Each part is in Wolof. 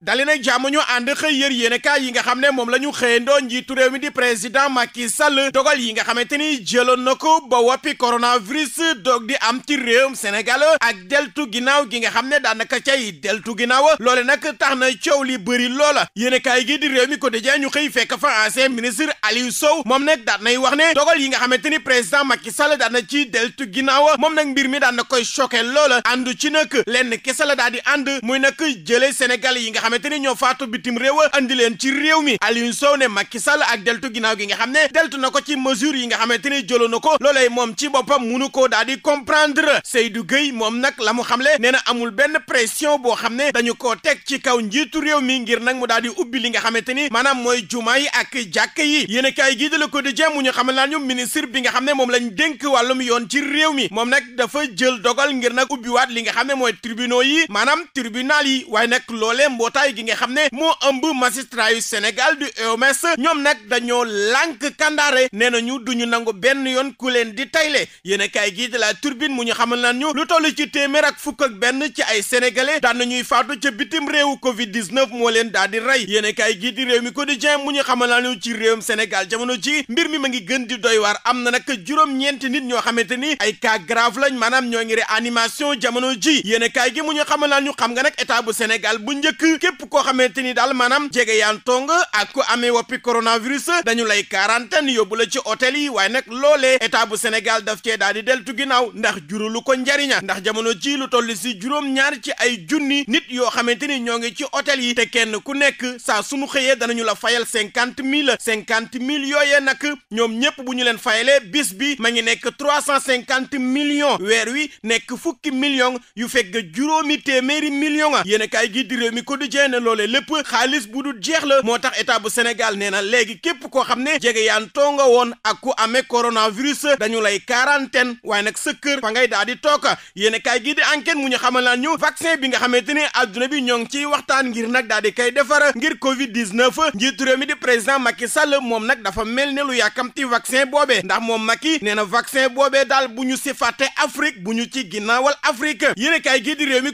dali nag jàmm ñu ànd xëy yër yéenekaay yi nga xam ne moom la ñu xëyandoo njiitu réew mi di président Macky Sall dogal yi nga xamante ni jëloon na ko ba woppi coronavirus doog di am ci réewum Sénégal ak deltu ginnaaw gi nga xam ne daanaka cay deltu ginnaaw loole nag tax na coow li bëri loola yéenekaay gi di réew mi ko dëjee ñu xëy fekk fa ancien ministre Aliou Sow moom ne daan nay wax ne dogal yi nga xamante ni président Macky Sall daan na ci deltu ginnaaw moom nag mbir mi daan na koy choqué loola àndu ci nag lenn kese la daal di ànd muy nag jëlee Sénégal yi nga xamante ni ñoo faatu bitim réew andi leen ci réew mi Aliou Sow ne Macky Sall ak deltu ginnaaw gi nga xam ne deltu na ko ci mesure yi nga xamante ni jëloon na ko loolee moom ci boppam munu koo daal di comprendre Seydou Gueye moom nag la mu xamle nee na amul benn pression boo xam ne dañu koo teg ci kaw njiitu réew mi ngir nag mu daal di ubbi li nga xamante ni maanaam mooy jumaa yi ak jàkk yi yéen a kaay gii de Le Quotidien mu ñu xamal naa ñu ministre bi nga xam ne moom lañ dénk wàllum yoon ci réew mi moom nag dafa jël dogal ngir nag ubbiwaat li nga xam ne mooy tribunaux yi maanaam tribunal yi waaye nag loolee mboota mbootaay gi nga xam ne moo ëmb magistrat yu Sénégal du EOMS ñoom nag dañoo lànk kandaare nee nañu duñu nangu benn yoon ku leen di tayle yéen kaay gi de laa turbine mu ñu xamal naan ñu lu toll ci téeméer ak fukk benn ci ay sénégalais daan nañuy faatu ca bitim réew Covid 19 moo leen daal di rey yéen kaay gi di réew mi quotidien mu ñu xamal naan ñu ci réewum Sénégal jamono ji mbir mi ma ngi gën di doy waar am na nag juróom-ñeenti nit ñoo xamante ni ay cas lañ maanaam ñoo ngi réanimation jamono ji yéen gi mu ñu xamal ñu xam nga nag état bu Sénégal bu njëkk képp koo xamante ni daal maanaam jege yaan tong ak ku amee woppi coronavirus dañu lay quarantaine yóbbu la ci otel yi waaye nag loolee état bu Sénégal daf cee daal di deltu ginnaaw ndax jurulu ko njariña ndax jamono ji lu toll si juróom ñaar ci ay junni nit yoo xamante ni ñoo ngi ci hôtel yi te kenn ku nekk saa sunu xëyee danañu la fayal cinquante mille cinquante mille yooyee nag ñoom ñëpp bu ñu leen fayalee bis bi ma ngi nekk trois cent cinquante millions weer wi nekk fukki millions yu fekk juróomi téeméeri millions a yéen a kaay gi quotidien ne loolee lépp xaalis bu du jeex la moo tax état bu Sénégal nee na léegi képp koo xam ne jege yaan toonga woon ak ku amee coronavirus dañu lay quarantaine waaye nag sa kër fa ngay daal di toog yéen kaay gii di enquête mu ñu xamal naa ñu vaccin bi nga xamante ni adduna bi ñoo ngi ciy waxtaan ngir nag daal di koy defar ngir Covid 19 njiitu réew mi di président Macky Sall moom nag dafa mel ne lu yàkkamti vaccin boobee ndax moom Macky nee na vaccin boobee daal bu ñu si fàtte Afrique bu ñu ci ginnaawal Afrique yéen kaay gii di réew mi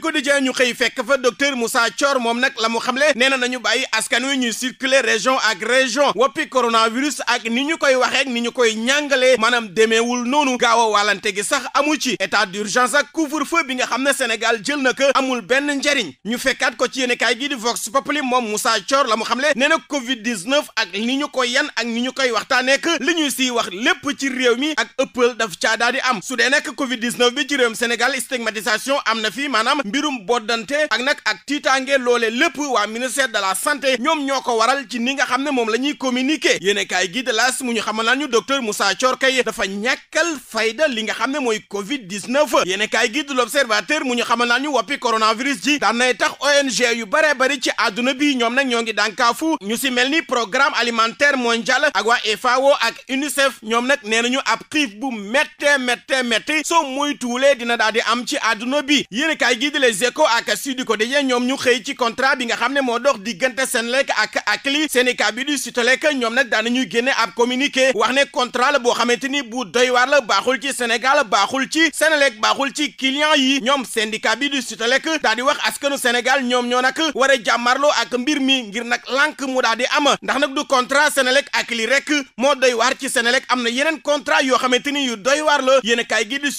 xëy fekk fa docteur Moussa Thior moom nag nag la mu xamle nee na nañu bàyyi askan wi ñuy circuler région ak région woppi coronavirus ak ni ñu koy waxee ak ni ñu koy ñàngalee maanaam demeewul noonu gaaw a wàllante gi sax amu ci état d'urgence ak couvre-feu bi nga xam ne Sénégal jël na amul benn njariñ ñu fekkaat ko ci yéenekaay gi di Vox Populi moom Moussa Thior la mu xamle nee na Covid 19 ak ni ñu koy yan ak ni ñu koy waxtaanee li ñuy si wax lépp ci réew mi ak ëppal daf caa daal di am su dee nag Covid 19 bi ci réewum Sénégal stigmatisation am na fi maanaam mbirum boddante ak nag ak tiitaange lépp waa ministère de la santé ñoom ñoo ko waral ci ni nga xam ne moom la ñuy communiquer yéene kaay gi de las mu ñu xam naa ñu docteur musa Thior kay dafa ñàkkal fayda li nga xam ne mooy covid 19 yéene kaay gi de l'observateur mu ñu xam naa ñu woppi coronavirus ji daan nay tax ONG yu bare bari ci àdduna bi ñoom nag ñoo ngi dànkaafu ñu si mel ni programme alimentaire mondial ak waa e FAO ak UNICEF ñoom nag nee nañu ab xiif bu méttee méttee méttee soo muy tuulee dina daal di am ci àdduna bi yéene kaay gi de les échos ak Sud Quotidien ñoom ñu xëy ci contrat contrat bi nga xam ne moo dox diggante Senelec ak Akilee syndicat bi di Sutelec ñoom nag daanañuy génne ab communiqué wax ne contrat la boo xamante ni bu doy waar la baaxul ci Sénégal baaxul ci Senelec baaxul ci client yi ñoom syndicat bi di Sutelec daa di wax askanu Sénégal ñoom ñoo nag war a jàmmarloo ak mbir mi ngir nag lànk mu daa am ndax nag du contrat Senelec Akilee rek moo doy waar ci Senelec am na yeneen contrat yoo xamante ni yu doy waar la yéen a kaay gi di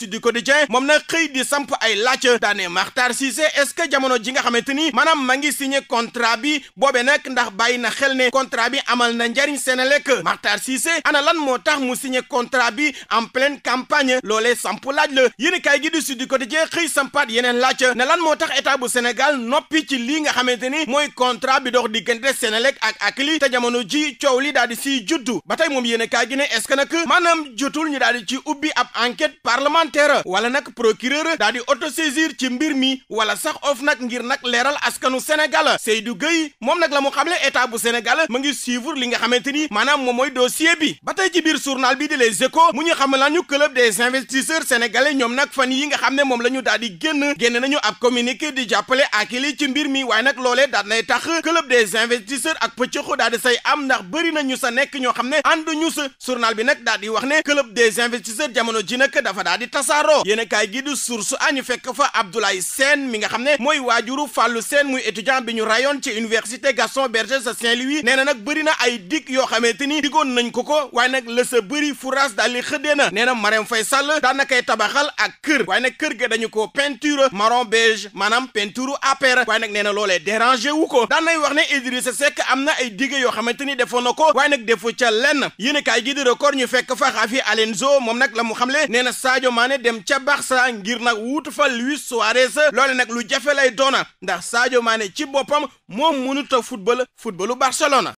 signé contrat bi boobe nag ndax bàyyi na xel ne contrat bi amal na njariñ Senelec Makhtar Cissé ana lan moo tax mu signé contrat bi en pleine campagne loolee samp laaj la yéen kaay gi du di Quotidien xëy sampaat yeneen laaj ne lan moo tax état bu Sénégal noppi ci lii nga xamante ni mooy contrat bi dox diggante Senelec ak ak Akilee te jamono ji coow li daal di siy juddu ba tey moom yéen kaay gi ne est-ce que nag maanaam jotul ñu daal di ci ubbi ab enquête parlementaire wala nag procureur daal di autosaisir ci mbir mi wala sax of nag ngir nag leeral askanu Sénégal Sénégal Seydou Gueye moom nag la mu xamle état bu Sénégal mu ngi suivre li nga xamante ni maanaam moom mooy dossier bi ba tey ci bi di Les Échos mu ñu xamal la ñu club des investisseurs ñoom nag fan yi nga xam ne moom la ñu di génn génn nañu ab communiqué di jàppale Akili ci mbir mi waaye nag loolee daal nay tax club des investisseurs ak pëccëxu daal di say am ndax bëri nañu sa nekk ñoo xam ne ànduñu sa journal bi nag daal di wax ne club des investisseurs a étudiant bi ñu rayoon ci université Gaston Berger sa Saint-Louis nee na nag bëri na ay dig yoo xamante ni digoon nañ ko ko waaye nag la sa bëri fourage daal di xëddee na nee na Marème Faye Sall na tabaxal ak kër waaye nag kër ga dañu ko peinture marron beige maanaam peinture APR waaye nag nee na loolee dérangé wu ko daan nay wax ne Idrissa Seck am na ay digge yoo xamante ni defoon na ko waaye nag defu ca lenn yéen a kaay gi di record ñu fekk fa Xavi Alonso moom nag la mu xamle na lu jafe lay doona ci boppam moom mënut a football footballu Barcelona